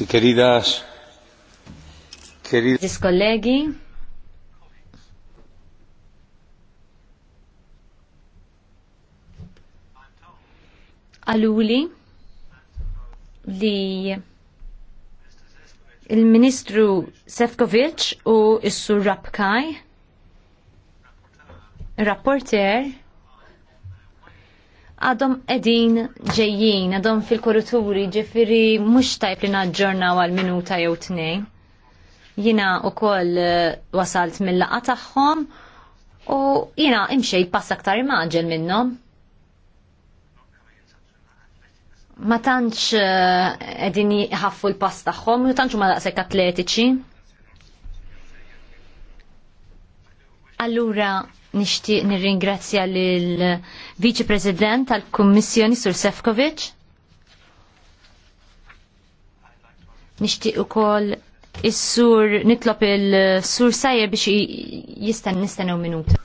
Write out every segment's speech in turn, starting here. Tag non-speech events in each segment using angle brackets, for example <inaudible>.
Si queridas, queridas... kollegi, għaluli li il-Ministru Sefkovic u s-Sur Rapkaj, rapporter għadhom edin ġejjin, għadhom fil kuruturi ġifiri mux tajb li naġġornaw għal minuta jew tnejn. Jina u koll eh, wasalt mill-laqa tagħhom u jina imxej pass aktar imaġel minnhom. Ma tantx qegħdin eh, jħaffu l-pass tagħhom, u tantx ma daqshekk atletiċi. Allura nixtieq nirringrazzja lil Vice President tal-Kummissjoni Sur Sefkovic. Nixtieq ukoll is-sur nitlob il-sur Sajer biex jistan nistennew minuta.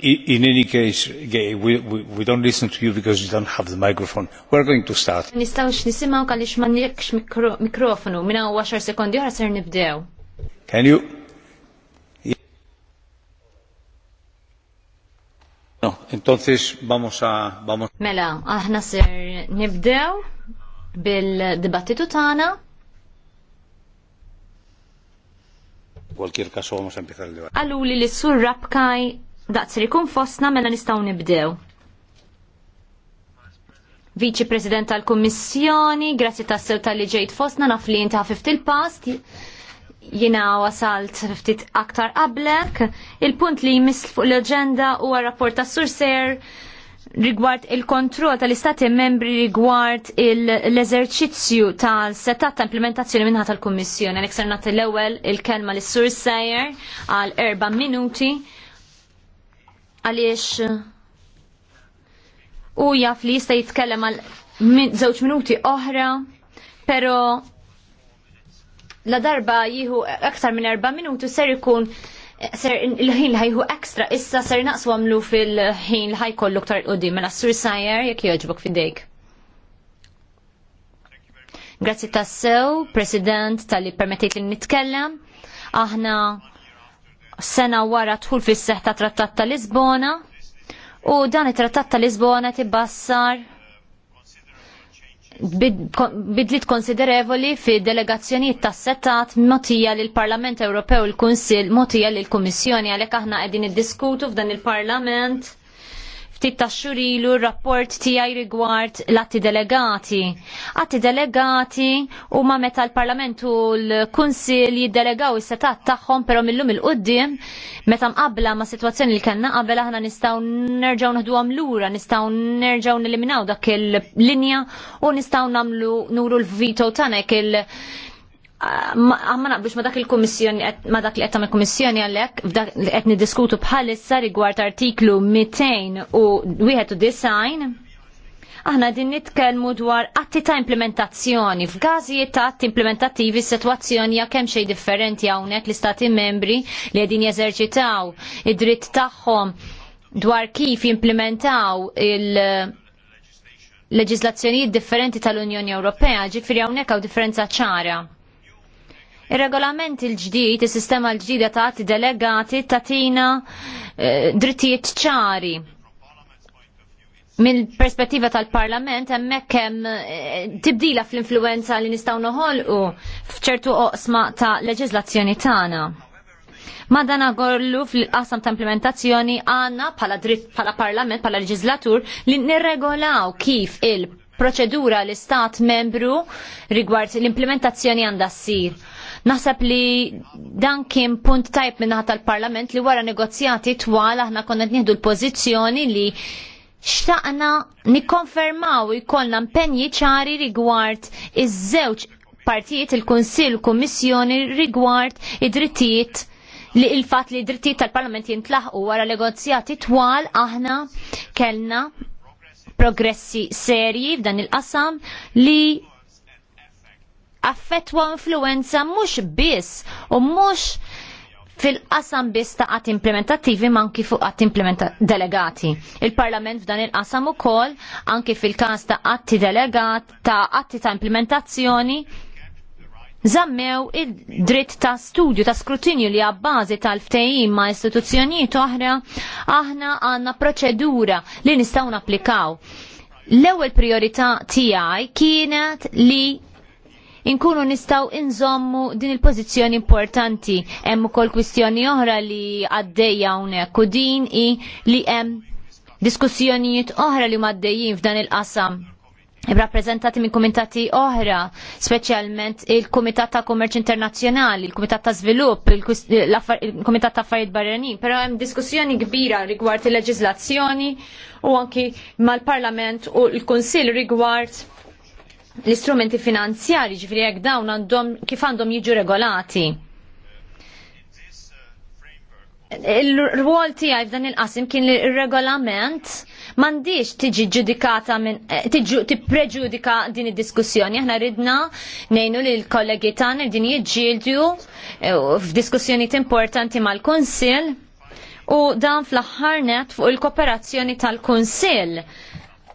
In any case, Gay, we, we, we don't listen to you because you don't have the microphone. We're going to start. nisimaw nirkx mikrofonu. sekondi għara ser nibdew. Can you? No, entonces vamos a... Vamos... Mela, aħna ser nibdew bil-dibattitu tana cualquier caso vamos a empezar li sur rabkaj daqsir ikun fosna mela nistaw nibdew. Viċi President tal-Kommissjoni, grazzi tassew tal-li ġejt fosna naf li inta fift il-past, jina wasalt ftit aktar qablek. Il-punt li jmiss fuq l-agenda huwa rapport tas-sur ser rigward il-kontroll tal-istati membri rigward l-eżerċizzju tal-setat ta' implementazzjoni minnha tal-Kummissjoni. Għalhekk ser nagħti l ewel il-kelma l sur Sajer għal erba' minuti għaliex u jaf li jista' jitkellem għal żewġ minuti oħra, però la darba jieħu aktar minn erba' minuti ser ikun ser il-ħin li ħajħu ekstra issa ser naqsu għamlu fil-ħin li kollu ktar il-qoddim, mela sur sajer jekk joġbuk fidejk. Grazzi tassew, President, tal-li permettit li nitkellem. Aħna sena wara tħul fis seħħ ta' Trattat ta' Lisbona u dan it-Trattat ta' Lisbona tibassar bidlit konsiderevoli fi delegazzjonijiet tas setat motija lill parlament Ewropew il kunsill motija lill kummissjoni għalhekk aħna qegħdin iddiskutu f'dan il-Parlament ftit ta' xurilu rapport tiegħi rigward l-atti delegati. Atti delegati huma meta l parlament u l-Kunsil jiddelegaw is-setat tagħhom però millum il-qudiem meta mqabla ma' sitwazzjoni li kellna qabel aħna nistgħu nerġgħu naħduhom lura, nistgħu nerġgħu neliminaw dak il-linja u nistgħu nagħmlu nuru l-vito tagħna il- ma naqbux ma dak il-Kummissjoni ma dak li qed tagħmel kummissjoni għalhekk li qed niddiskutu bħalissa rigward artiklu 200 u wieħed u design aħna din nitkellmu dwar atti ta' implementazzjoni. F'gażijiet ta' atti implementattivi s-sitwazzjoni hija kemm xejn differenti hawnhekk l-istati membri li qegħdin jeżerċitaw id-dritt tagħhom dwar kif jimplementaw il- leġislazzjonijiet differenti tal-Unjoni Ewropea, ġifiri hawnhekk hawn differenza ċara Ir-regolament il-ġdid, is-sistema l-ġdida ta' atti delegati tatina eh, drittijiet ċari. Mill perspettiva tal-Parlament hemmhekk hemm eh, tibdila fl-influenza li nistgħu noħolqu f'ċertu oqsma ta' tana. tagħna. Madana għorlu fil-qasam ta' implementazzjoni għanna pala dritt pala parlament, pala leġislatur li nirregolaw kif il-proċedura l-istat membru rigward l-implementazzjoni għandha ssir Naħseb li dan kien punt tajb minnaħat tal-Parlament li wara negozjati twal aħna konna nieħdu l-pożizzjoni li xtaqna nikkonfermaw jkollna impenji ċari rigward iż-żewġ partijiet il-Kunsill u Kummissjoni rigward id-drittijiet li il-fat li drittijiet tal-Parlament jintlaħqu wara negozjati twal aħna kellna progressi serji f'dan il-qasam li affettwa influenza mhux biss u mhux fil-qasam biss ta' qatt implementattivi ma' anki fuq qatt delegati. Il-Parlament f'dan il-qasam ukoll anki fil-każ ta' atti delegat ta' atti ta' implementazzjoni Zammew id-dritt ta' studju ta' skrutinju li għabbażi tal-ftejim ma' istituzzjonijiet oħra, aħna għanna proċedura li nistaw napplikaw. L-ewwel priorità tiegħi kienet li inkunu nistaw inżommu din il-pozizjoni importanti. Hemm ukoll kwistjoni oħra li għaddejja hawnhekk u din i li hemm diskussjonijiet oħra li maddejjin f'dan il-qasam rappresentati minn kumitati oħra, speċjalment il-Kumitat ta' Kummerċ Internazzjonali, il-Kumitat ta' Svilupp, il-Kumitat ta' Affarijiet Barranin, però hemm diskussjoni kbira rigward il-leġiżlazzjoni u anki mal-Parlament u l-Kunsill rigward l-istrumenti finanzjari ġifri jekk dawn għandhom kif għandhom jiġu regolati. Il-rwol tijaj f'dan il-qasim kien li ir-regolament m'għandix tiġi ġudikata minn eh, tiġi tippreġudika din id-diskussjoni. Aħna ridna nejnu li l-kollegi tagħna din jiġġieldu eh, f'diskussjonijiet importanti mal-Kunsill u dan fl-aħħar net fuq il-kooperazzjoni tal-Kunsill.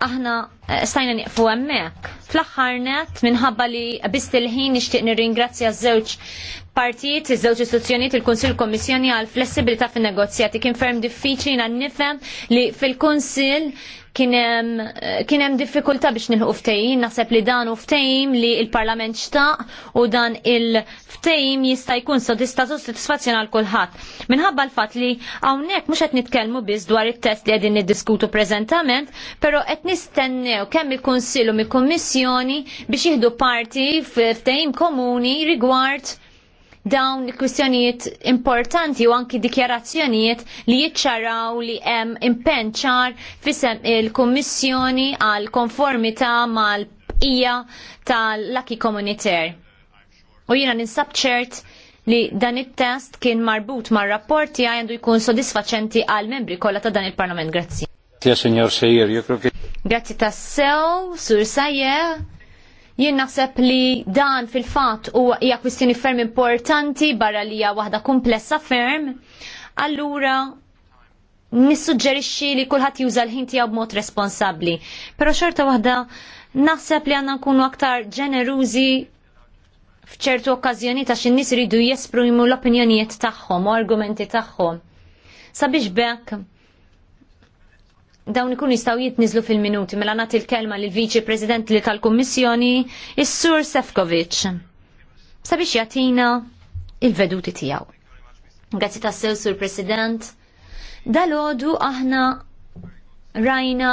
Aħna Eh, stajna nieqfu hemmhekk. Fl-aħħar net minħabba li biss il-ħin nixtieq nirringrazzja ż-żewġ partijiet, iż-żewġ istituzzjonijiet il konsil Kommissjoni għal flessibilità fin-negozjati kien ferm diffiċli nifem li fil-Kunsill kien hemm diffikultà biex nilħu ftehim, naħseb li dan u ftehim li il-Parlament xtaq u dan il-ftehim jista' jkun sodista soddisfazzjon għal kulħadd. Minħabba l-fatt li hawnhekk mhux qed nitkellmu biss dwar it-test li qegħdin niddiskutu preżentament, però qed nistennew kemm il kunsillu mill-Kummissjoni biex jieħdu parti f'ftehim komuni rigward dawn kwistjonijiet importanti u anki dikjarazzjonijiet li jiċċaraw li hemm impenn ċar fisem il-Kummissjoni għal konformità mal-bqija tal-laki komuniter. U jiena ninsab ċert li dan it-test kien marbut mar rapporti għandu jkun sodisfaċenti għal membri kollha ta' dan il-Parlament. Grazzi. Grazie, signor Sejjer, tassew, sur Sajjer. Jien naħseb li dan fil-fatt huwa hija kwistjoni ferm importanti barra li hija waħda komplessa ferm. Allura nissuġġerixxi li kulħadd juża l-ħin tiegħu b'mod responsabbli. Però xorta waħda naħseb li għandna nkunu aktar ġenerużi f'ċertu okkażjoni ta' xi nies iridu jesprimu l-opinjonijiet tagħhom u argumenti tagħhom. Sabiex bekk dawn ikun jistaw jitnizlu fil-minuti mela nagħti l-kelma lil viċi President li tal-Kummissjoni, is-Sur Sefkovic. Sabiex jagħtina il-veduti tiegħu. Grazzi tassew Sur President. Dalodu aħna rajna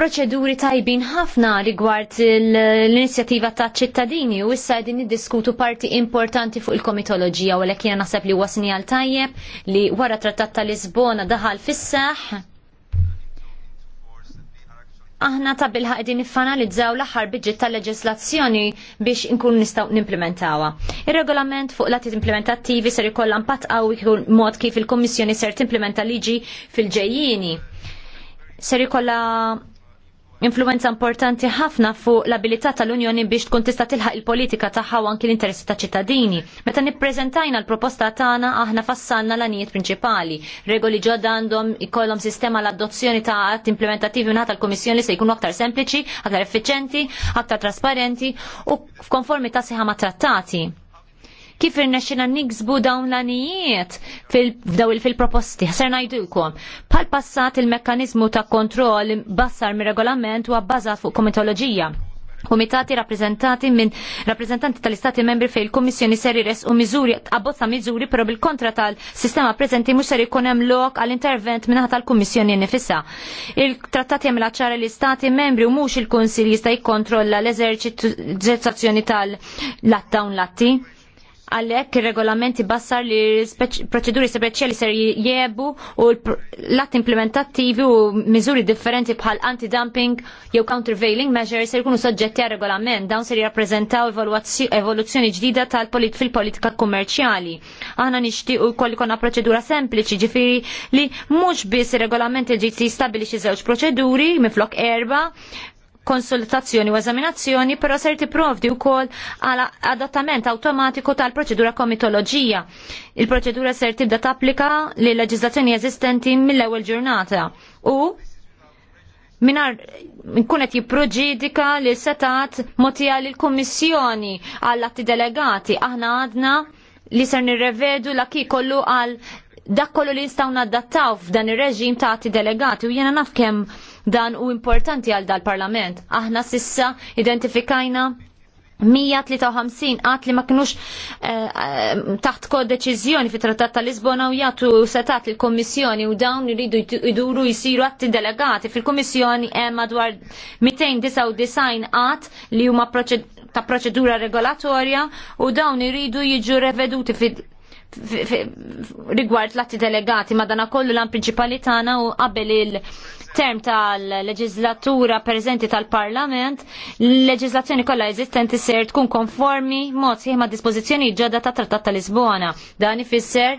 proċeduri tajbin ħafna rigward l-inizjattiva ta' ċittadini u issa din niddiskutu parti importanti fuq il-komitoloġija u l jiena naħseb li huwa għal tajjeb li wara trattat ta' Lisbona daħal fis-seħ aħna ta' bilħa qegħdin niffanalizzaw l-aħħar biġġiet tal-leġislazzjoni biex inkun nistgħu nimplementawha. Ir-regolament fuq lati implementattivi ser ikollha impatt qawwi mod kif il-Kummissjoni ser timplementa liġi fil ġejjini Ser ikollha influenza importanti ħafna fuq l-abilità tal-Unjoni biex tkun tista' tilħaq il-politika tagħha u anki l-interessi ta' ċittadini. Meta nippreżentajna l-proposta tagħna aħna fassalna l-anijiet prinċipali. Regoli ġodda għandhom ikollhom sistema l-adozzjoni ta' att implementativi minn tal-Kummissjoni se jkunu aktar sempliċi, aktar effiċenti, aktar trasparenti u f'konformità siħa ma' trattati kif irnexxina niksbu dawn l-anijiet f'daw fil-proposti. Ser ngħidulkom. Pal passat il-mekkaniżmu ta' kontrol bassar mir-regolament huwa bbażat fuq komitoloġija Komitati rappresentati minn rappresentanti tal-Istati membri fej il-Kommissjoni ser jires u miżuri abbozza miżuri però bil-kontra tal-sistema preżenti mhux ser ikun hemm lok għall-intervent minnaħa tal-Kummissjoni nifissa. il trattati għamil ċara l-Istati membri u mhux il konsil jista' jikkontrolla l-eżerċizzazzjoni tal-lattawn latti għalhekk ir-regolamenti bassar li proċeduri speċjali ser jiebu u l-att implementattivi u miżuri differenti bħal anti-dumping jew countervailing measures ser jkunu soġġetti għal regolament dawn ser jirrappreżentaw evoluzzjoni ġdida tal-polit fil-politika kummerċjali. Aħna nixtiequ jkoll ikolna proċedura sempliċi ġifiri li mhux biss ir-regolament il-ġid jistabbilixxi żewġ proċeduri miflok erba' konsultazzjoni u eżaminazzjoni, però ser tipprovdi wkoll għal adattament awtomatiku tal-proċedura komitoloġija. Il-proċedura ser tibda tapplika li leġiżlazzjoni eżistenti mill-ewwel ġurnata u minar kunet jipproġidika li setat motija l kommissjoni għall-atti delegati. Aħna għadna li ser nirrevedu la ki kollu għal dak kollu li nistgħu nadattaw f'dan ir-reġim ta' atti delegati u jiena naf kemm Dan u importanti għal dal-Parlament. Aħna sissa identifikajna 153 għat li ma kinux eh, eh, taħt kod deċizjoni fit trattat tal Lisbona u jgħatu setat il-Kommissjoni u dawn jridu iduru jisiru għatti delegati fil-Kommissjoni hemm madwar 299 għat li huma ta' proċedura regolatorja u dawn jridu jiġu reveduti fil rigward l-atti delegati madana kollu lan prinċipali tagħna u qabel il-term tal-leġislatura prezenti tal-parlament, l-leġislazzjoni kollha eżistenti ser tkun konformi mod sħiħ ma' dispożizzjoni ġodda ta' Trattat ta' Lisbona. Dan ifisser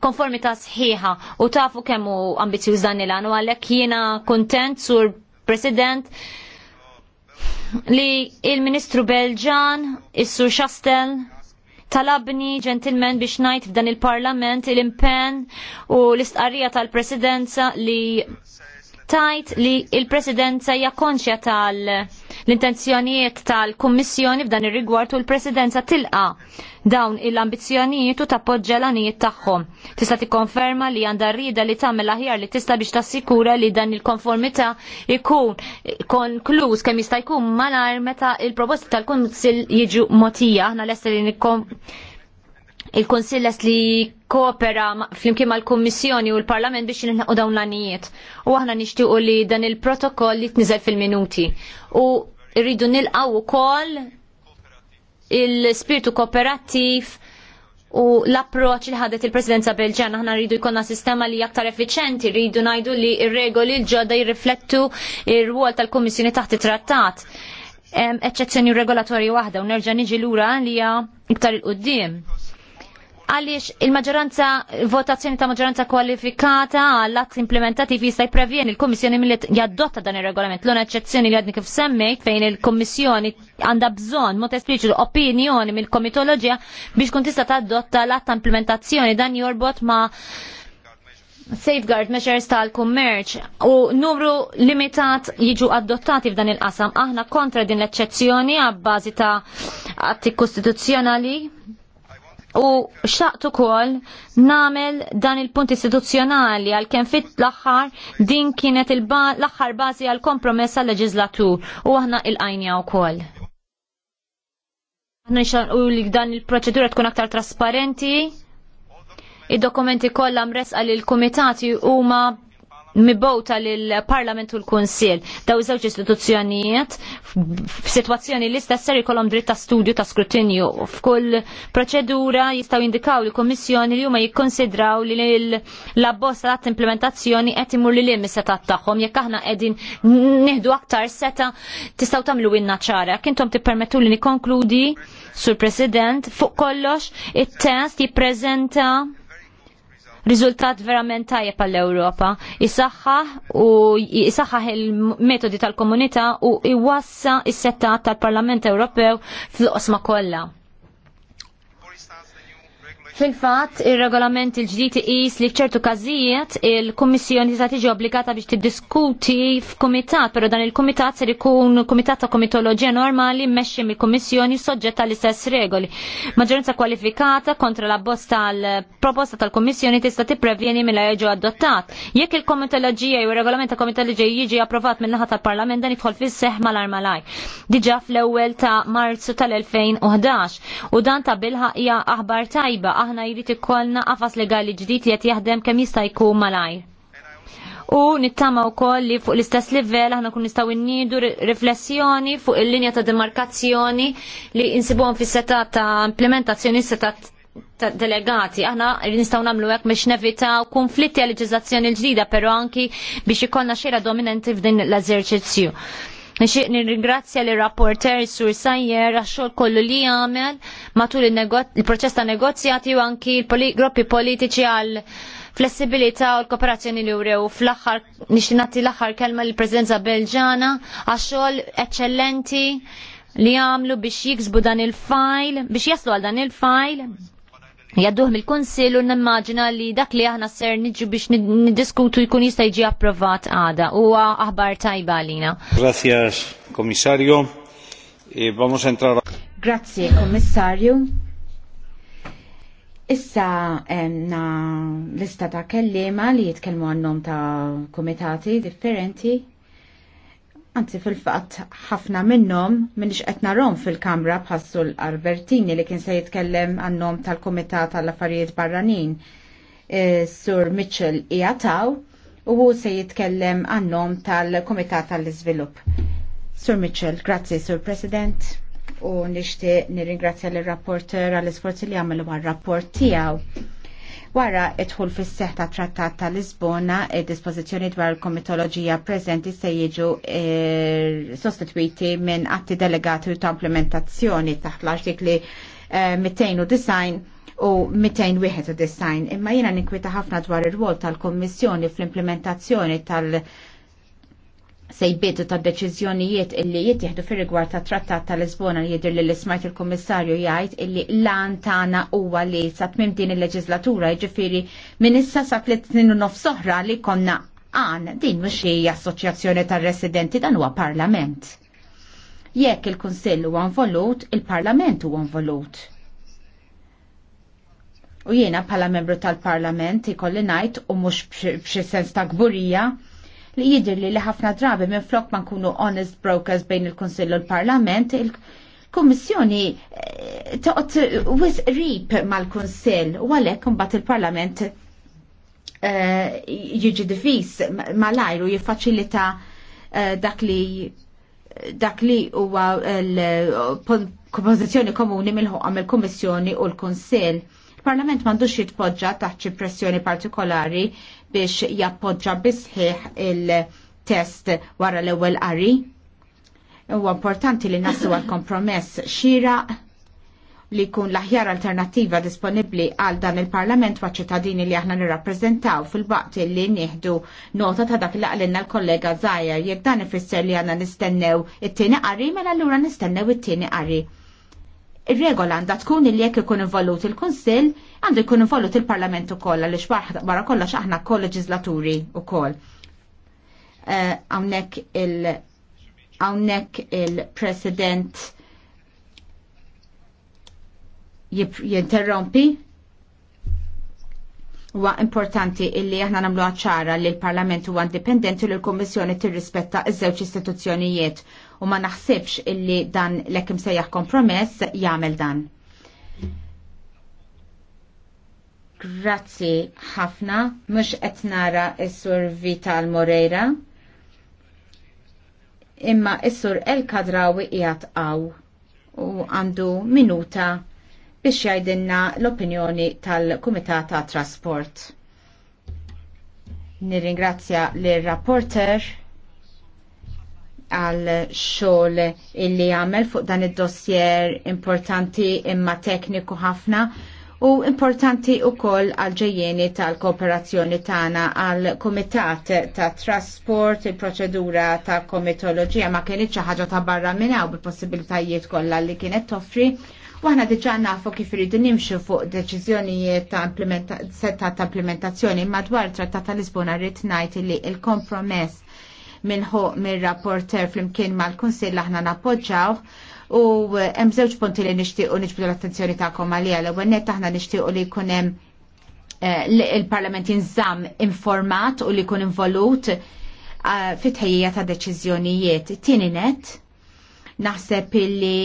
ta' sħiħa u tafu kemm hu ambizzjuż dan il u għalhekk jiena kuntent sur President li il-Ministru Belġan, is-Sur Chastel, talabni ġentilmen biex ngħid f'dan il-Parlament il-impenn u l-istqarrija tal-Presidenza li tajt li il-presidenza hija konxja tal-intenzjonijiet tal-Kummissjoni f'dan ir-rigward u l-presidenza tilqa dawn il-ambizzjonijiet u tappoġġa l-anijiet tagħhom. Tista' tikkonferma li għandha rrieda li tagħmel aħjar li tista' biex tassikura li dan il-konformità ikun konkluż kemm jista' jkun malar meta il-proposti tal-Kunsill jiġu motija aħna lesti li nikkom il konsillas li koopera flimkien mal-Kummissjoni u l-Parlament biex nħu dawn l-anijiet. U aħna nixtiequ li dan il-protokoll li t-nizel fil-minuti. U rridu u ukoll il-spiritu kooperattiv u l-approċ li ħadet il-Presidenza Belġana Aħna rridu jkollna sistema li aktar effiċenti, rridu najdu li il regoli l-ġodda jirriflettu il-ruol tal-Kummissjoni taħt it-trattat. Eċċezzjoni regolatorji waħda u nerġa' niġi lura li iktar il-qudiem għaliex il-maġġoranza votazzjoni ta' maġġoranza kwalifikata għall att implementativ jista' jprevjeni il kummissjoni milli jaddotta dan ir-regolament. L-una eċċezzjoni li għadni kif semmejt fejn il-Kummissjoni għandha bżonn mod espliċi opinjoni mill-komitoloġija biex kun tista' tadotta l-att ta' implementazzjoni dan jorbot ma' safeguard measures tal-kummerċ u numru limitat jiġu adottati f'dan il-qasam. Aħna kontra din l-eċċezzjoni għabbażi ta' atti kostituzzjonali u xtaqt ukoll nagħmel dan il-punt istituzzjonali għal kemm fit l-aħħar din kienet l-aħħar bażi għal kompromess għal leġislatur u aħna il-qajnja wkoll. Aħna u li dan il-proċedura tkun aktar trasparenti, id-dokumenti kollha mresqa lil kumitati huma mibota lill-Parlament u l-Kunsil daw żewġ istituzzjonijiet f'sitwazzjoni li stesser jkollhom dritt ta' studju ta' skrutinju f'kull proċedura jistgħu jindikaw li kummissjoni li huma jikkonsidraw li l-abbozza ta' implementazzjoni qed imur li lim is-setat tagħhom jekk aħna qegħdin nieħdu aktar seta' tistgħu tagħmlu inna ċara. Kintom tippermettu li nikkonkludi Sur President, fuq kollox it-test jippreżenta riżultat verament tajjeb għall ewropa Isaħħaħ u isaħħaħ il-metodi tal-komunità u iwassa is-setta tal-Parlament Ewropew fl-qosma kollha. Fil-fatt, ir-regolament il ġdijt iqis li f'ċertu każijiet il-Kummissjoni se tiġi obbligata biex tiddiskuti f'kumitat, però dan il-kumitat ser ikun kumitat ta' komitoloġija normali mmexxi mill komissjoni soġġetta li istess regoli. Maġġoranza kwalifikata kontra la bosta tal-proposta tal-Kummissjoni tista' tipprevjeni mill ġew adottat. Jekk il-komitoloġija u il regolament ta' komitologija jiġi approvat min-naħa tal-Parlament dan jidħol fis-seħħ mal-armalaj. Diġà fl-ewwel ta' Marzu tal-2011 u dan ta' bilħaqja aħbar tajba aħna jrid ikollna qafas legali ġdid li qed jaħdem kemm jista' jkun malajr. U nittama u koll li fuq l-istess livell aħna kun nistaw innidu riflessjoni fuq il-linja ta' demarkazzjoni li insibuhom fis-seta ta' implementazzjoni seta' ta' delegati, aħna nistaw namlu hekk biex nevitaw konflitti għal leġiżlazzjoni l-ġdida, però anki biex ikollna xejra dominanti f'din l-eżerċizzju. Nixiq nirringrazzja li rapporter Sur Sajjer għax-xogħol kollu li għamel matul il-proċess ta' negozjati u anki l-gruppi politiċi għal flessibilità u l-kooperazzjoni li urew fl-aħħar nixtieq nagħti l-aħħar kelma lill-Presidenza Belġana għax-xogħol eċċellenti li għamlu biex jiksbu dan il-fajl, biex jaslu għal dan il-fajl jadduħ mill-Konsil u nimmaġina li dak li aħna ser niġu biex niddiskutu jkun jista' jiġi approvat għada. Huwa aħbar tajba għalina. Grazzjax, Komissarju. E, vamos entrar. Grazie, Komissarju. Issa na lista ta' kellima li jitkellmu għannom ta' komitati differenti. Anzi fil-fatt ħafna minnhom minnix qed rom fil-kamra bħassu l-Albertini li kien se jitkellem għannom tal-Kumitat tal-Affarijiet Barranin. E, Sur Mitchell Iataw, u se jitkellem għannom tal-Kumitat tal-Iżvilupp. Sur Mitchell, grazzi Sur President u nishti nirringrazzja l-rapporter għall-isforzi li għamilu għal-rapport tijaw. Wara idħul fis seħħ tat trattat ta' Lisbona, id-dispożizzjoni dwar il-komitoloġija preżenti se jiġu e, sostituiti minn atti delegati u ta' implementazzjoni taħt l-artikli eh, u design u 291 imma jiena ninkwita ħafna dwar ir-rwol tal-Kommissjoni fl-implementazzjoni tal-, -implementazzjoni tal sejbietu ta' deċiżjonijiet illi jittieħdu fir rigward ta' trattat ta' Lisbona li jidir li l-ismajt il-Kommissarju jgħid illi lan tagħna huwa li sa' tmim din il-leġislatura jiġifieri minn issa sa' tliet snin u nofs li konna għan din mhux hija assoċjazzjoni tar-residenti dan huwa parlament. Jekk il-Kunsill huwa involut, il-Parlament huwa involut. U jiena bħala membru tal-Parlament ikolli ngħid u mhux b'xi sens ta' gburija li jidir li ħafna drabi minn flok ma nkunu honest brokers bejn il-Konsill u l-Parlament, il-Kommissjoni toqgħod wis rip mal-Konsill u għalhekk mbagħad il-Parlament jiġi divis malajr u jiffaċilita dak li dak li huwa l-kompożizzjoni komuni mill-ħoqqa mill-Kummissjoni u l konsill il-Parlament m'għandux jitpoġġa taħt xi pressjoni partikolari biex jappoġġa bisħiħ il-test wara l-ewwel qari. Huwa importanti li nasu għal kompromess xieraq li jkun l-aħjar alternativa disponibbli għal dan il-Parlament wa ċittadini li aħna nirrappreżentaw fil-baqt li nieħdu nota ta' dak li l-kollega Zajer jekk dan ifisser li għandna nistennew it-tieni qari mela allura nistennew it-tieni qari. Ir-regola għandha tkun li jekk ikun involut il-Kunsill, għandu jkun involut il-Parlament ukoll għaliex barra kollox aħna kol-leġislaturi ukoll. Eh, hawnhekk il hawnhekk il-President jinterrompi huwa importanti illi aħna nagħmlu ċara li l-Parlament huwa indipendenti u l-Kummissjoni tirrispetta iż-żewġ istituzzjonijiet u ma naħsibx illi dan l-ekim sejjaħ kompromess jagħmel dan. Grazzi ħafna, mux etnara s-sur Vital Moreira, imma s-sur El Kadrawi jgħat għaw u għandu minuta biex jgħidinna l-opinjoni tal-Kumitat ta' Trasport. Nirringrazzja l-rapporter għal xogħol illi għamel fuq dan id-dossier importanti imma tekniku ħafna u importanti u koll għal-ġejjeni tal-kooperazzjoni tagħna għal komitat ta' trasport, il-proċedura ta' komitoloġija ma kienet xi ħaġa ta' barra minna u bil-possibilitajiet kollha li kienet toffri. U aħna diġà nafu kif iridu nimxu fuq deċiżjonijiet ta' ta' implementazzjoni madwar it-Trattata l Lisbona rrid ngħid li l-kompromess minħu mir-rapporter flimkien mal-Kunsill aħna nappoġġaw u eh, hemm żewġ punti li nixtiequ niġbdu l-attenzjoni tagħkom għalija l-ewwel nett aħna nixtiequ li jkun hemm eh, il-Parlament jinżamm informat u li jkun involut eh, fit-tħejjija ta' deċiżjonijiet. Tieni net naħseb illi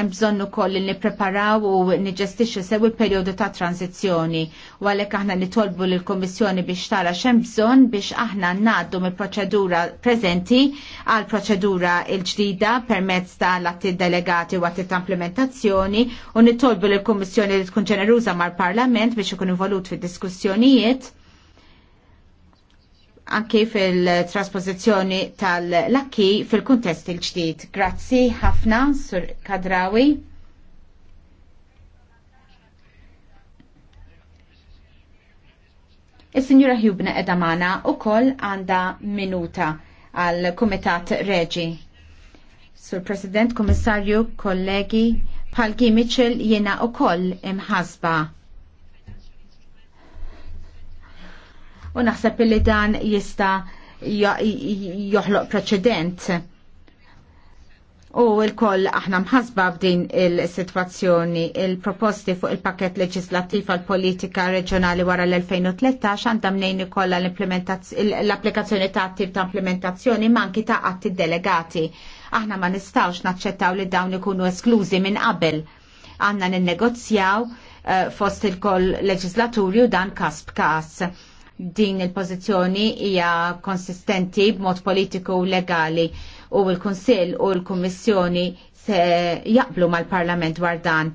hemm bżonn ukoll li nippreparaw u niġestixxu sew il-perjodu ta' tranzizzjoni u għalhekk aħna nitolbu lill kummissjoni biex tara x'hemm bżonn biex aħna ngħaddu mill-proċedura preżenti għal proċedura l-ġdida permezz tal-atti delegati u għatti ta' implementazzjoni u nitolbu lill kummissjoni li tkun ġeneruża mal-Parlament biex ikun involut fid-diskussjonijiet anki fil-trasposizjoni tal-lakki fil-kuntest il-ġdid. Grazzi ħafna, Sur Kadrawi. is signora Hubna Edamana u koll għanda minuta għal Kumitat Reġi. Sur President, Komissarju, kollegi, Palgi Mitchell jena u koll imħasba u naħseb li dan jista joħloq preċedent. U l-koll aħna mħasba f'din il-situazzjoni, il-proposti fuq il-pakket leġislattiv għal politika reġjonali wara l-2013 għandha mnejn ikolla l-applikazzjoni ta' attiv ta' implementazzjoni manki ta' atti delegati. Aħna ma nistawx naċċettaw li dawn ikunu esklużi minn qabel. Għanna n-negozjaw eh, fost il-koll leġislaturi u dan kas b'kas din il-pożizzjoni hija konsistenti b'mod politiku u legali u l-Kunsill u l-Kummissjoni se jaqblu mal-Parlament dwar dan.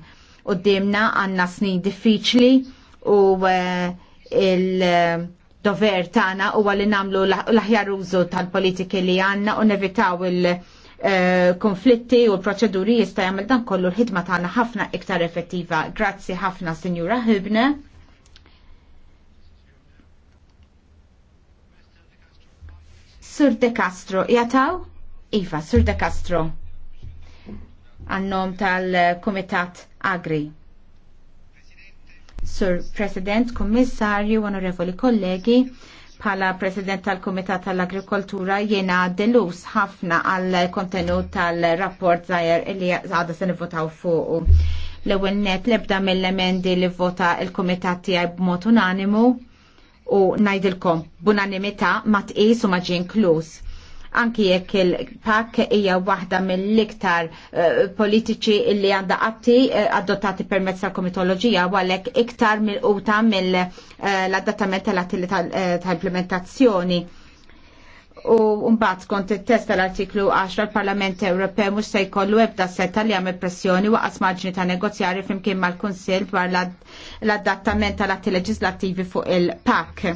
dimna għandna snin diffiċli u eh, il- dover tagħna huwa li nagħmlu l-aħjar użu tal-politiki li għandna u nevitaw il-konflitti eh, u l-proċeduri jista' jagħmel dan kollu l-ħidma tagħna ħafna iktar effettiva. Grazzi ħafna, Sinjura Hübner. Sur De Castro, jataw? Iva, Sur De Castro. Annom tal-Komitat Agri. Sur President, Kommissarju, Onorevoli Kollegi, bħala President tal-Komitat tal-Agrikoltura jena delus ħafna għal kontenut tal-rapport zaħir illi għada se nivotaw fuqu. L-ewel lebda mill-emendi li vota il-Komitat tijaj b'mod unanimu u najdilkom b'unanimità ma tqis u ma ġie inkluż. Anki jekk il-pak hija waħda mill-iktar eh, politiċi li għandha atti eh, adottati permezz tal-komitoloġija u għalhekk iktar mill-quta mill-adattament eh, tal-implementazzjoni u mbagħad skont it-test tal-artiklu 10 l-Parlament Ewropew mhux se jkollu ebda setta li għamil pressjoni waqas marġni ta' negozjari flimkien mal-Kunsill dwar l-adattament tal-atti leġislattivi fuq il-PAK.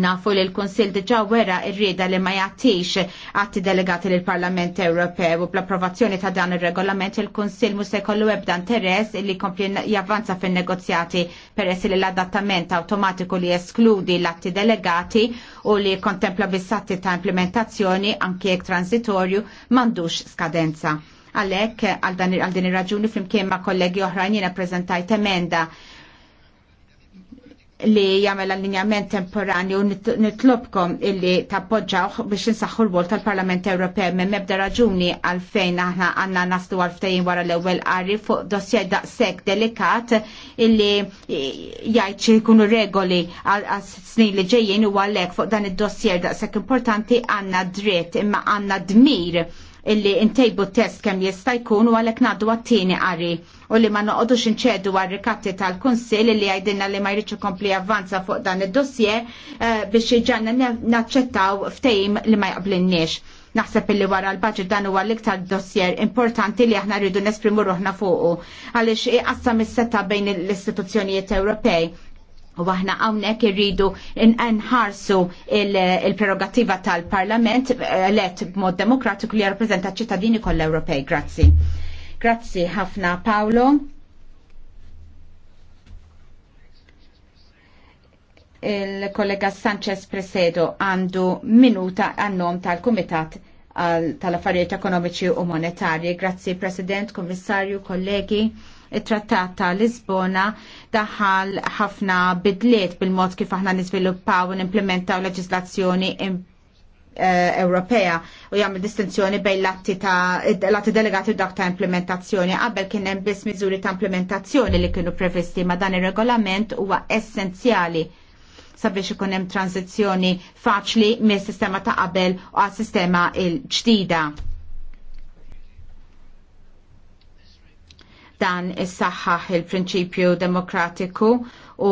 Nafu li l-Konsil diġa wera irrida li ma jattix għatti delegati l-Parlament Ewropew u bl-approvazzjoni ta' dan il-regolament il-Konsil mu se kollu ebda interess li kompli javvanza fin negozjati peress li l-adattament automatiku li eskludi l-atti delegati u li kontempla bissatti ta' implementazzjoni anke jek transitorju mandux skadenza. Għalek, għal din ir-raġuni fl-imkien ma' kollegi oħrajn jena prezentajt emenda li jagħmel allinjament u nitlobkom illi tappoġġaw biex insaħħu l bol tal-Parlament Ewropew minn mebda raġuni għalfejn aħna għandna naslu għalftejn wara l-ewwel qari fuq dossier daqshekk delikat illi jgħid xi jkunu regoli għal snin li ġejjin u għalhekk fuq dan id-dossier daqshekk importanti għandna dritt imma għandna dmir illi intejbu test kemm jista' jkun u għalhekk ngħaddu għattini tieni qari u li ma noqogħdux inċedu għal rikatti tal konsil illi għajdinna li ma jriċu ikompli avvanza fuq dan id-dossier eh, biex jiġanna naċċettaw ftejim li ma jaqblinniex. Naħseb illi wara l-budget dan huwa l-iktar dossier importanti li aħna rridu nesprimu ruħna fuqu għaliex iqassam is-setta bejn l-istituzzjonijiet Ewropej U aħna hawnhekk irridu nħarsu il-prerogativa tal-Parlament elett b'mod demokratiku li jarrappreżenta ċittadini kollha Ewropej. Grazzi. Grazzi ħafna Paolo. Il-kollega Sanchez Presedo għandu minuta għannom tal-Kumitat tal-Affarijiet Ekonomiċi u Monetarji. Grazzi President, Kommissarju, kollegi it-trattat ta' Lisbona daħal ħafna bidliet bil-mod kif aħna niżviluppaw u nimplementaw leġislazzjoni eh, Ewropea u jagħmel distinzjoni bejn l-atti ta' l-atti delegati dak ta' implementazzjoni. Qabel kien hemm biss miżuri ta' implementazzjoni li kienu previsti ma' dan ir-regolament huwa essenzjali sabiex ikun hemm tranzizzjoni faċli mis-sistema ta' qabel u għas-sistema l-ġdida dan is-saħħaħ il-prinċipju demokratiku u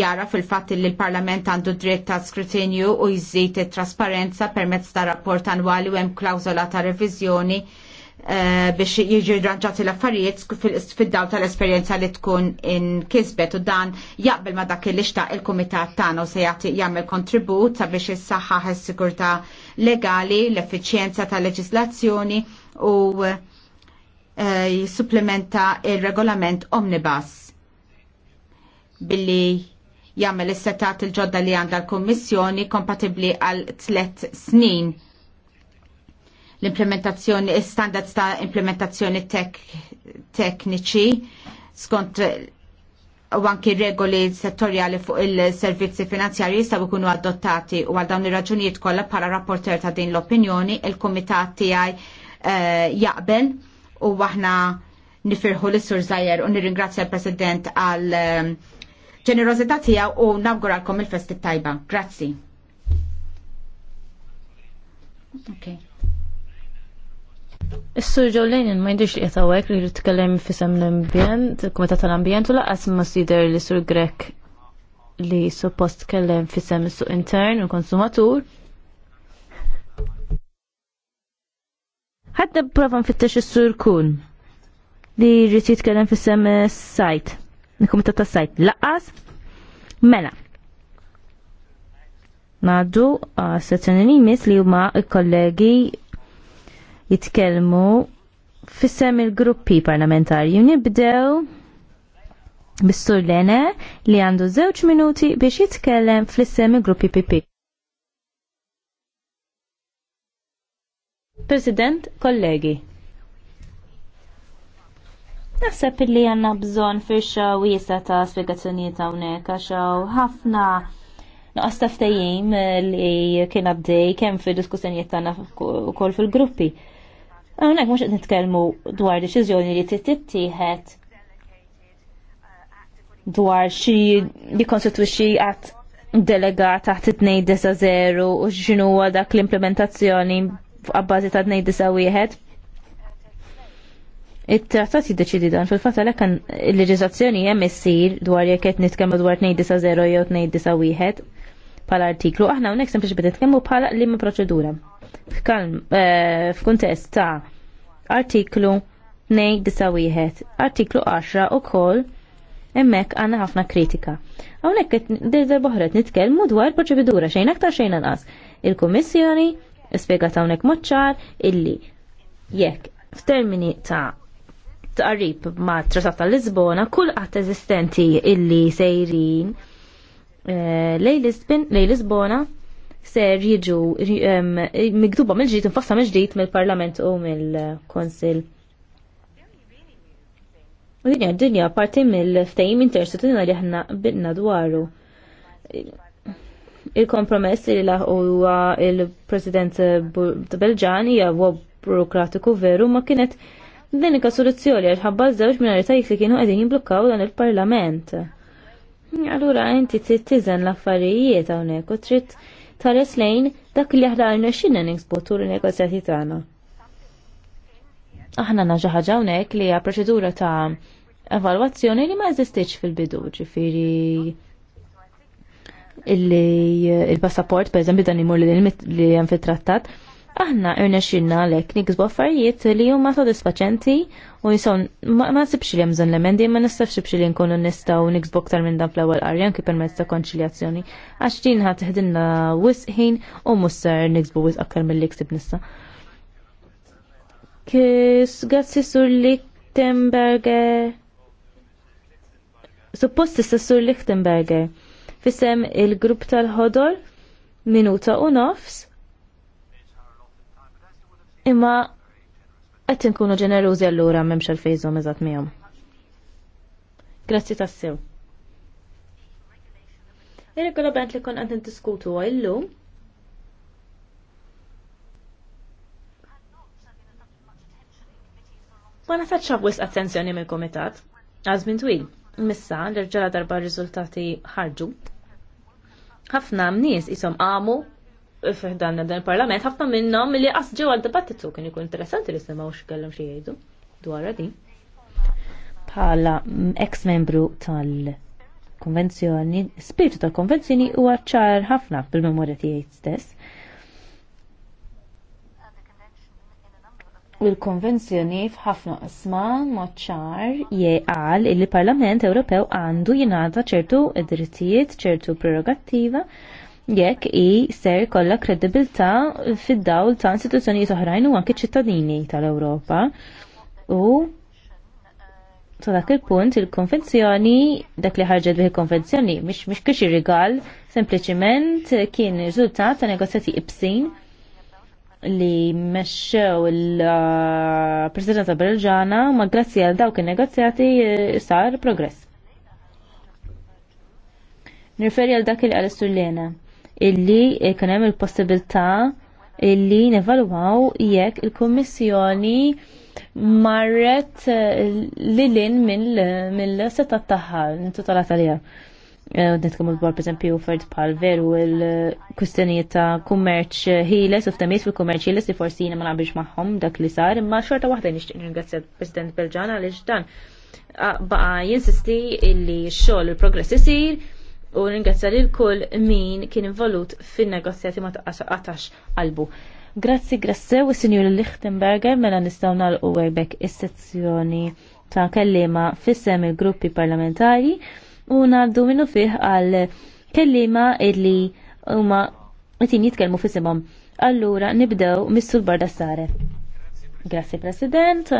jara fil-fatt li l-Parlament għandu dritt ta' skrutinju u jżid it-trasparenza permezz ta' rapport annwali u hemm klawzola ta' reviżjoni eh, biex jiġi rranġati l-affarijiet fid-daw tal-esperjenza li tkun inkisbet u dan jaqbel ma dak li xtaq il-Kumitat tagħna u se jagħti jagħmel kontribut sabiex is-saħħaħ is-sigurtà legali, l-effiċjenza tal-leġislazzjoni u Eh, jissupplementa il-regolament omnibus billi jagħmel is-setat il-ġodda li għandha l-Kummissjoni kompatibbli għal tliet snin l-implementazzjoni, standards ta' implementazzjoni tek, tekniċi skont u anki regoli settorjali fuq il-servizzi finanzjarji jistaw ikunu adottati u għal dawn ir-raġunijiet kollha bħala rapporter ta' din l-opinjoni, il-kumitat tiegħi uh, jaqbel u aħna nifirħu l-Sur Zajer u nirringrazzja l-President għal ehm, ġenerozità tiegħu u nawguralkom il-festi tajba. Grazzi. Okay. Is-sur Ġolejnin ma jidhirx li qed li jitkellem fisem l-ambjent, kumitat tal-ambjent u laqas ma sider li sur Grek li suppost tkellem fisem is-suq intern u konsumatur. Ħadda prova nfittex is-sur kun li rrid jitkellem fis-sem sajt. il ta' sajt laqas mela. Nadu sezzjoni li li huma kollegi jitkellmu fissem il-gruppi parlamentari nibdew bis-sur Lene li għandu żewġ minuti biex jitkellem fl-issem il-gruppi PP. President, kollegi. Naħseb illi għanna bżon firxa wiesa ta' spiegazzjoniet hawnhekk għax ħafna Naqas li kien għaddej kem fi diskussjonijiet tagħna ukoll fil-gruppi. Hawnhekk mhux qed nitkellmu dwar deċiżjoni li tittieħed dwar xi li konstitwixxi qatt delegat taħt it-tnejn u x'inhu dak l-implementazzjoni għabbażi ta' 291 it-trattat jiddeċidi dan fil-fatt għalhekk il-leġiżazzjoni hemm issir dwar jekk qed nitkellmu dwar 290 jew 291 bħala artiklu, aħna hawnhekk sempliċi bdejt nitkellmu bħala liema proċedura. F'kalm eh, f'kuntest ta' artiklu 291, artiklu 10 ukoll hemmhekk għandna ħafna kritika. Hawnhekk qed boħret nitkellmu dwar proċedura xejn aktar xejn anqas. Il-Kummissjoni Ispjegat hawnhekk moċċar illi jekk f'termini ta' tqarrib ma' Trattat ta' Lisbona kull qatt eżistenti illi sejrin eh, lej Lisbona ser jiġu miktuba mill-ġdid, infassa mill-ġdid mill-Parlament u mill-Konsil. Dinja, dinja, parti mill-ftejim li ħna bidna dwaru Il-kompromess li huwa il-President Belġan hija burokratiku veru ma kienet dinika soluzzjoni għal ħabba żewġ minoritajiet li kienu qegħdin jimblukkaw dan il-Parlament. Allura inti trid tiżen l-affarijiet hawnhekk u trid tares lejn dak li aħna għalna xinna niksbotu l-negozjati tagħna. Aħna naġa ħaġa hawnhekk li hija proċedura ta' evalwazzjoni li ma jeżistix fil-bidu, ġifieri illi eh, il-passaport, per eżempju, dan imur li hemm fit-trattat, aħna irnexxinna lek nikzbu affarijiet li huma sodisfaċenti u jisom ma sibx li jemżon l-emendi ma nistax sibx li nkunu nistgħu nikzbu aktar minn dan fl-ewwel qari anki permezz ta' konċiljazzjoni għax din ħadd wisħin u musser nikzbu wisq aktar mill-li ksib nista. Kis għazzi sur Lichtenberger. Suppost issa sur Lichtenberger b'isem il-grupp tal-ħodor minuta u nofs. Imma qed inkunu ġenerużi allura m'hemmx għalfejżhom eżatt miegħhom. Grazzi tassew. ir regolament li kon qed diskutu illum ma nafetx wisq attenzjoni mill-komitat, għazmin twil. Missa, l-irġala darba r-riżultati ħarġu, ħafna nies jisom għamu fiħdan dan il-parlament, ħafna minnhom li qas ġew għal-dibattitu kien ikun interessanti li semgħu x'kellhom xi jgħidu dwar din. Bħala ex-membru tal-konvenzjoni, spirtu tal-konvenzjoni huwa ċar ħafna bil-memorja tiegħi stess il-konvenzjoni f'ħafna qisma moċċar jeqal il parlament Ewropew għandu jingħata ċertu drittijiet, ċertu prerogattiva jekk i ser kollha kredibilità fid-dawl ta' istituzzjonijiet oħrajn u anke ċittadini tal-Ewropa. U ta' dak il-punt il-konvenzjoni dak li ħarġet bih il-konvenzjoni mish kiex rigal sempliciment kien riżultat ta' negozjati ibsin li mexxew il-Presidenza Belġana ma grazzi għal dawk il-negozjati eh, sar progress. Nirferi għal dak il-għal Sullena illi kien hemm il-possibilità illi nevaluaw jekk il-Kummissjoni marret eh, lilin mill-setat tagħha, nintu tal għalija. Eh, Netkom il-bor, per esempio, offert pal veru il-kustenijiet ta' kummerċ ħiles, u f'temis fil-kummerċ ħiles li forsi jina ma nabiex maħħom dak li sar, imma xorta wahda nix ringrazzja President Belġana għaliex dan. Baqa jinsisti illi xogħol il-progress isir u ringrazzja lil kull min kien involut fin-negozjati ma taqqatax qalbu. Grazzi, grassew, il-Sinjur Lichtenberger, mela nistawna l u is-sezzjoni ta' kellima fissem il-gruppi parlamentari u naddu minnu fih għal kellima illi huma qed jitkellmu fisimhom. Allura nibdew mis-Sur Bardassare. Grazzi President,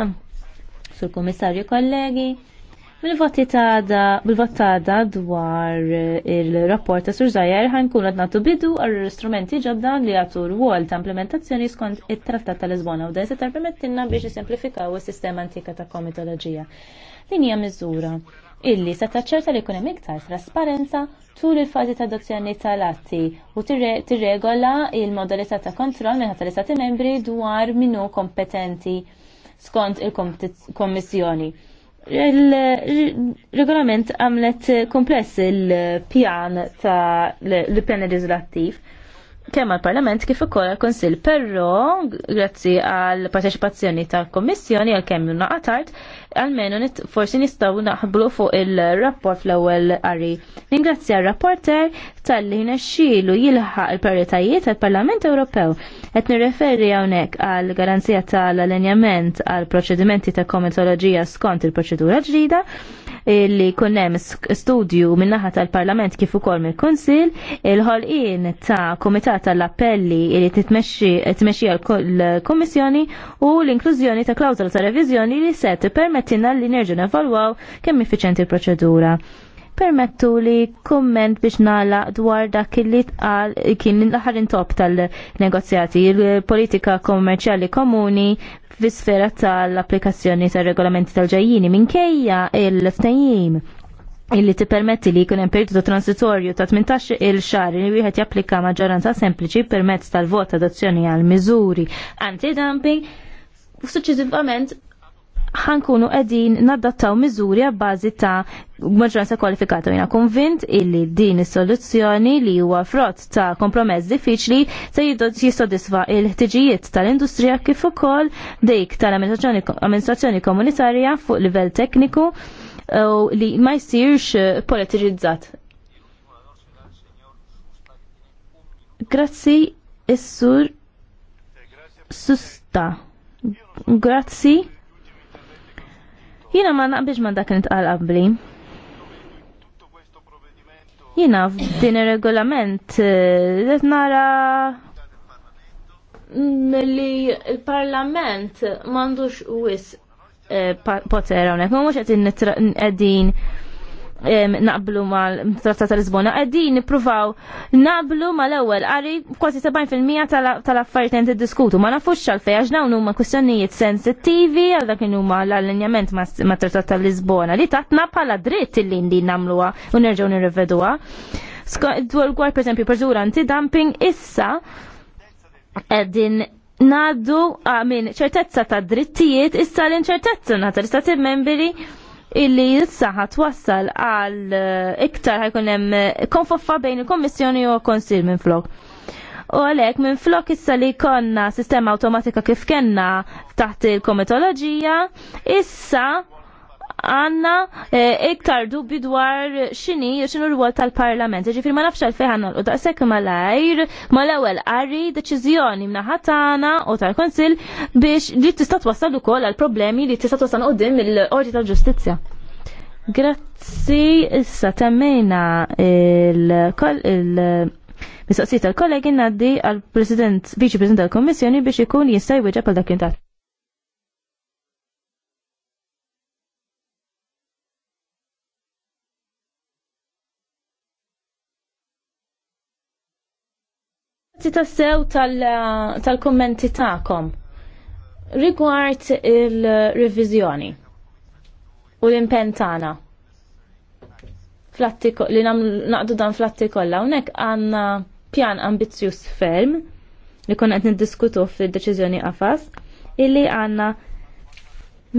Sur Kummissarju kollegi. bil vattada dwar il-rapport ta' Sur Zajer ħankun għad natu bidu għal strumenti ġodda li għatu rwol ta' implementazzjoni skont it-Trattat ta' Lisbona u dajse ta' permettinna biex jisemplifikaw is-sistema antika ta' komitologija. Din hija miżura illi se taċċerta li jkun hemm iktar trasparenza tul il-fażi ta' adozzjoni tal-atti u tirregola il-modalità ta' kontroll minn ħadd l-istati membri dwar minnu kompetenti skont il-Kommissjoni. Il-regolament għamlet kompless il-pjan ta' l-pjan legislattiv kemm għal-Parlament kif ukoll għal-Konsil, però grazzi għal-parteċipazzjoni tal-Kommissjoni għal kemm naqatart, almenu forsi nistgħu naħblu fuq il-rapport fl-ewwel qari. Ningrazzja r-rapporter tal-li nexxielu jilħaq il-prioritajiet għall parlament Ewropew. Qed nirreferi hawnhekk għal-garanzija tal-allenjament għal proċedimenti ta' komitoloġija skont il-proċedura ġdida li kunem studju minnaħa tal-Parlament kif ukoll mill-Kunsil, il-ħolqien ta' Kumitat tal-Appelli li titmexxi l-Kummissjoni u l-inklużjoni ta' klawżola ta' reviżjoni li se permettina li nerġu nevalwaw kemm effiċenti l-proċedura permettu li komment biex nala dwar dak li tqal kien l-aħar intop tal-negozjati, il-politika kommerċjali komuni fis-sfera tal-applikazzjoni tal-regolamenti tal-ġajjini minkejja il-ftajim illi tippermetti li jkun hemm periodu transitorju ta' 18 il xar li wieħed japplika maġġoranza sempliċi permezz tal-vot adozzjoni għal miżuri anti-dumping u suċċessivament ħankunu qegħdin naddattaw miżuri għabbażi ta' maġġoranza kwalifikata jina konvint illi din is-soluzzjoni li huwa frott ta' kompromess diffiċli se jissodisfa il-ħtiġijiet tal-industrija kif ukoll dik tal-amministrazzjoni komunitarja fuq livell tekniku u li ma jsirx eh, politiċizzat. Grazzi, is-sur susta. Grazzi. Jiena ma naqbiex ma dak nitqal qabli. Jiena f'din ir-regolament eh, nara li il-parlament m'għandux wis eh, poter hawnhekk, ma mhux għedin naqblu mal-Trattat tal-Lisbona, għaddin nippruvaw naqblu mal-ewwel qari kważi 70% tal-affarijiet qed diskutu ma nafux xalfej għax dawn huma kwistjonijiet sensittivi għal dak huma l-allinjament mat-Trattat tal-Lisbona li tatna bħala dritt illi ndi nagħmluha u nerġgħu nirrevedwa. Dwar gwar pereżempju perżura anti-dumping issa qegħdin naddu ah, minn ċertezza ta' drittijiet issa l-inċertezza nata l-istati membri illi jissaħa twassal għal eh, iktar ħajkun hemm eh, konfoffa bejn il-Kommissjoni u l-Konsil minn flok. U għalek minn flok issa li konna sistema automatika kif kenna taħt il-komitoloġija, issa għanna eh, iktar dubbi dwar xini xinu r-rwol tal-parlament. Ġifir ma nafx għalfej għanna l-qoda sekk malajr ma l-ewel għarri deċizjoni mnaħatana u tal-konsil biex li tista' u ukoll għal problemi li tista' u qudiem mill-qorti tal-ġustizzja. Grazzi, issa temmejna il- Mistoqsijiet tal-kollegi naddi għal-President, Viċi President tal-Kommissjoni biex ikun jista' jweġeb għal dak Ti tassew tal-kommenti ta'kom rigward il-revizjoni u l-impentana flatti li naqdu dan flatti kollha unek għandna pjan ambizjus ferm li konna qed niddiskutu fid-deċiżjoni għafas illi għandna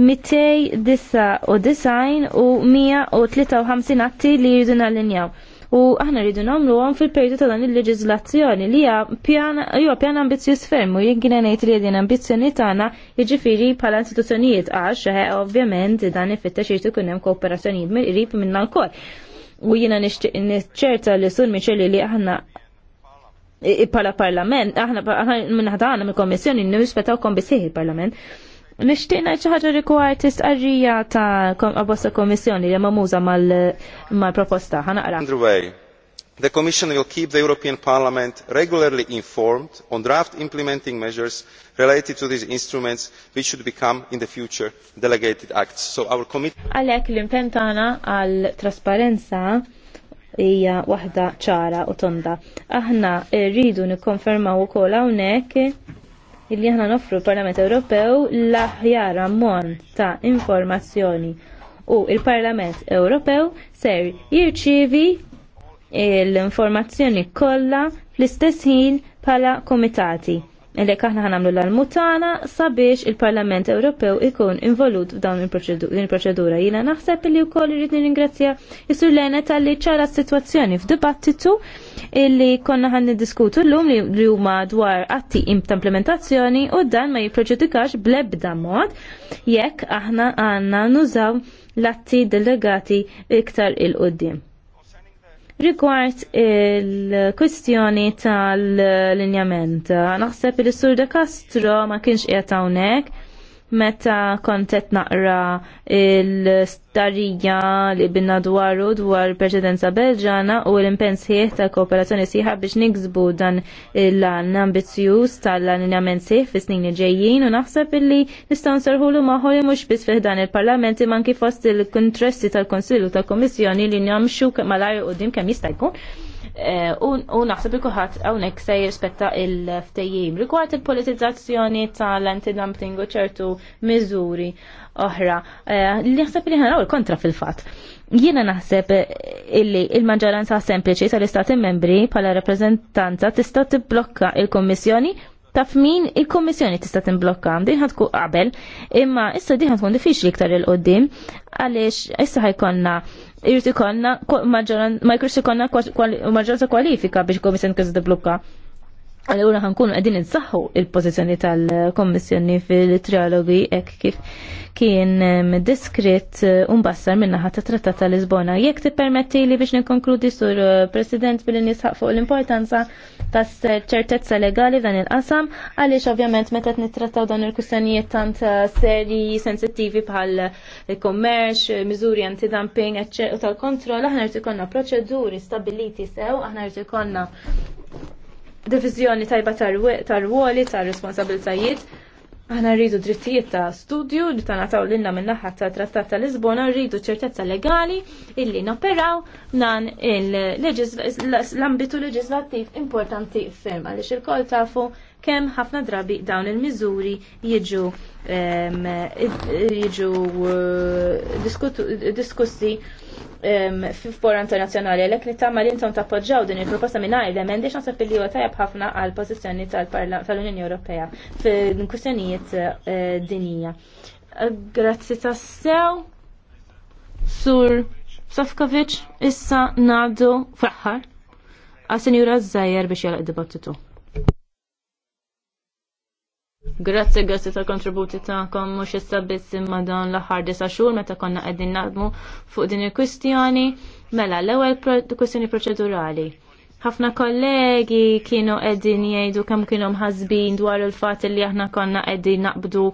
299 u 153 atti li jridu nallinjaw u aħna rridu nagħmlu għom fil-periodu ta' dan il leġizlazzjoni li hija pjan huwa pjan ambizzjuż ferm u jien ngħid li din ambizzjoni tagħna jiġifieri bħala istituzzjonijiet għax eh, ovvjament dan ifittex irid ikun hemm kooperazzjonijiet mill-qrib minna l U jiena niċċerta li sur Miċelli li aħna pala parlament, aħna minnaħda għana mill-kommissjoni, nirrispetaw kom bisih il-parlament nishtiqna ngħid xi ħaġa istqarrija ta' abbosta komissjoni li mamuża mal-proposta ħanaqra. Underway. The Commission will keep the European Parliament regularly informed on draft implementing measures related to these instruments which should become in the future delegated acts. So our committee Għalhekk l-impentana għal trasparenza hija waħda ċara u tonda. Aħna rridu nikkonfermaw ukoll hawnhekk illi aħna noffru l-Parlament Ewropew l-aħjar ammont ta' informazzjoni u l parlament Ewropew ser jirċievi l-informazzjoni kollha fl-istess ħin bħala komitati. Għalek aħna ħanamlu l-almutana sabiex il-Parlament Ewropew ikun involut f'dawn il-proċedura. Jina naħseb li wkoll irid nirringrazzja Isur Lena tal-li ċara s-sitwazzjoni f'dibattitu illi konna għan niddiskutu l-lum li huma dwar atti implementazzjoni u dan ma jipproġudikax blebda mod jekk aħna għanna nużaw l-atti delegati iktar il-qoddim. Rigward il-kwistjoni tal-linjament, naħseb il-Sur de Castro ma kienx qiegħed hawnhekk meta kontet naqra il-starija li binna dwaru dwar preċedenza belġana u l-impensieħ ta' kooperazzjoni siħa biex niksbu dan l-għan ambizjuż tal-allinjament siħ fi snin ġejjin u naħseb illi nistaw nsarħulu maħol mux bis fiħdan il-parlamenti man kifost fost il kontresti tal-Konsillu tal-Komissjoni li njamxu malajr u dim kem jista' jkun Eh, u naħseb li kulħadd hawnhekk se jirrispetta il-ftejjim. Rigward il-politizzazzjoni tal-antidumping u ċertu miżuri oħra, eh, li naħseb li ħanaw il-kontra fil-fatt. Jiena naħseb illi il-maġġoranza sempliċi tal-Istati membri bħala rappreżentanza tista' tibblokka il-Kommissjoni taf min il-Kommissjoni tista' timblokka din tkun qabel, imma issa din tkun diffiċli iktar il qoddim għaliex issa ħajkonna irrid ikollna ma jkunx ikollna maġġoranza kwalifika biex il-Kommissjoni tista' tibblokka. Allura ħankunu għedin nsaħħu il-pozizjoni tal-Kommissjoni fil-trialogi ek kif kien ehm, diskret eh, unbassar minna ta' trattat tal-Lisbona. Jek ti permetti li biex nikonkludi sur eh, President billi nisħaq fuq l-importanza ta' ċertezza legali dan il-qasam, għaliex ovvjament meta nittrattaw dan il-kustanijiet tant eh, seri sensittivi bħal kommerċ, miżuri antidumping, u tal kontrol aħna rtikonna proċeduri stabiliti sew, aħna rtikonna divizjoni tajba tar-ruoli, tar-responsabiltajiet. Aħna rridu drittijiet ta' studju li ta' nataw l-inna minn naħat ta' trattat ta' Lisbona, rridu ċertezza legali illi noperaw nan l-ambitu leġislattiv importanti firma li xil-kol tafu kemm ħafna drabi dawn il-miżuri jiġu jiġu eh, diskussi f'fora internazzjonali għalhekk nittama li intom tappoġġaw din il-proposta mingħajr l-emendi x'naħseb li huwa tajjeb ħafna għal pożizzjoni tal-Unjoni Ewropea f'kwistjonijiet eh, dinija. Eh, grazzi tassew. Sur Safkovic issa nadu fl-aħħar għas-Senjura biex jalaq dibattitu. Grazzi, grazzi tal-kontributi tagħkom mux issa biss imma dan l aħħar disa xhur meta konna qegħdin nadmu fuq din il-kwistjoni. Mela, l-ewwel kwistjoni proċedurali. Ħafna kollegi kienu qegħdin jgħidu kemm kienu mħazbin dwar il-fatt li aħna konna qegħdin naqbdu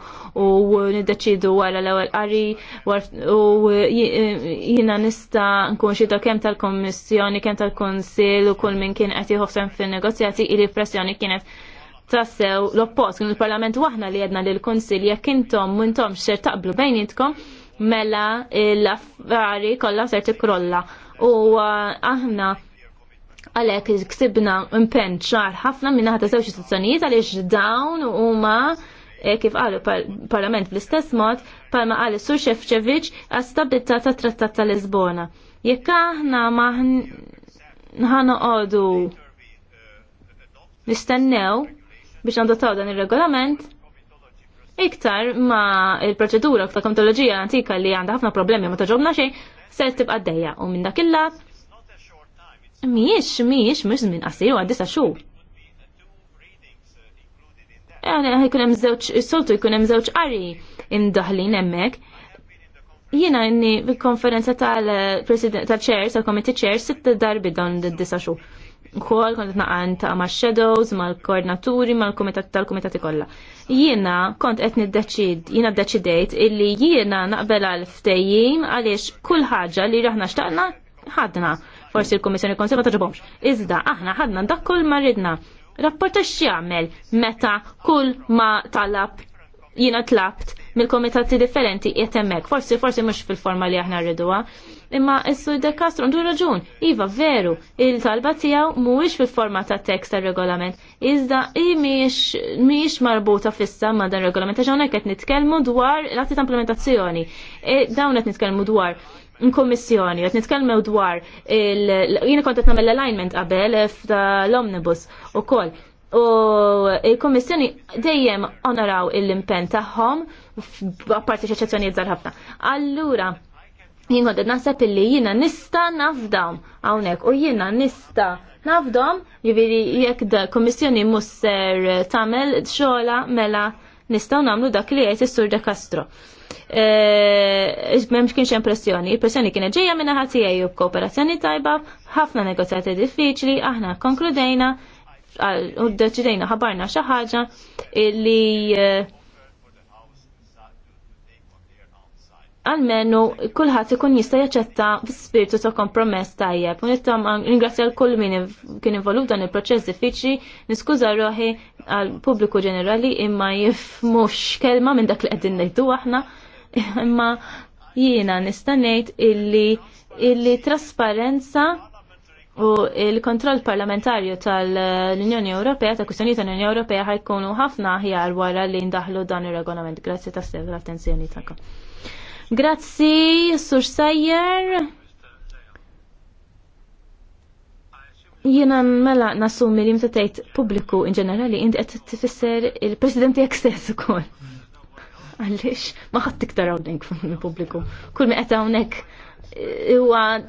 u niddeċidu wara l-ewwel qari u jiena nista' nkun xi kemm tal-Kommissjoni, kemm tal-Kunsill u kull min kien qed jieħu fin negozjati il pressjoni kienet Trassew l-oppost kien il-Parlament waħna li jedna li l-Konsil jekk intom muntom xer taqblu bejnitkom mela l-affari kollha ser tikrolla. U uh, aħna għalek ksibna impenn ċar ħafna minna ħata sew istituzzjonijiet għaliex dawn huma eh, kif għalu parlament fl istess mod palma għal sur Šefčević għastabilta ta' trattat ta' Lisbona. Jekk aħna maħn ħana għodu nistennew biex nadottaw dan il-regolament iktar ma il-proċedura ta' komitoloġija antika li għandha ħafna problemi ma taġobna xejn se tibqa' dejja u minn dak il-lat miex miex miex minn qasir u għaddisa xhur. Għana jkun hemm żewġ soltu jkun hemm żewġ qari indaħlin hemmhekk. Jiena inni konferenza tal-President tal-Chairs, tal-Committee Chairs, sitt darbi dawn d-disa xhur kol kont naqan ta' ma' shadows, ma' l-koordinaturi, ma' l-komitat tal-komitati kollha. Jiena kont qed niddeċid, jiena ddeċidejt illi jiena naqbel għal ftejjim għaliex kull ħaġa li raħna xtaqna ħadna. Forsi l-Kummissjoni ta' ġobomx. Iżda aħna ħadna dak kull ma ridna. Rapporta x'jagħmel meta kull ma talab jiena tlabt mill-komitati differenti qed Forsi forsi mhux fil-forma li aħna rriduha. Imma s-sur de Castro għandu raġun, iva veru, il-talba tijaw mhuwiex fil-forma ta' tekst tar regolament iżda i miex marbuta fissa ma' dan regolament, għax hawnhekk qed nitkellmu dwar l-atti ta' implementazzjoni. E, dawn qed nitkellmu dwar n-kommissjoni, għet nitkelmew dwar jina kont qed l alignment qabel l-omnibus ukoll. U il-kommissjoni dejjem onoraw il impen tagħhom b'apparti xi ċezzjonijiet ħafna. Allura, jien għodda naħseb illi jina nista nafdam għawnek u jina nista nafdam jiviri jekk da komissjoni musser tamel xola mela nistaw namlu dak li s sur de Castro. E, memx kienx impressjoni, il kiena kienet ġeja minna ħati u kooperazzjoni tajba, ħafna negozjati diffiċli, aħna konkludejna, u deċidejna ħabarna xaħġa li għalmenu kullħat ikun jista' jaċċetta fis spirtu ta' kompromess tajjeb. U nittam ringrazzja kull min kien involut dan il-proċess diffiċli, niskuża roħi għal pubbliku ġenerali imma jifmux kelma minn dak li qegħdin ngħidu aħna, <laughs> imma jiena nista' ngħid illi illi trasparenza u il-kontroll parlamentarju tal-Unjoni Ewropea, ta' kwistjoni tal-Unjoni Ewropea ħajkunu ħafna aħjar wara li ndaħlu dan ir-regolament. Grazzi tas-sew l-attenzjoni tagħkom. Grazzi, Sur Sejjer. Jiena mela nassumi li meta tgħid pubbliku in ġenerali inti qed tifisser il presidenti jekk stess ukoll. Għaliex ma tiktar iktar fuq il pubbliku Kull mi qed hawnhekk eh, huwa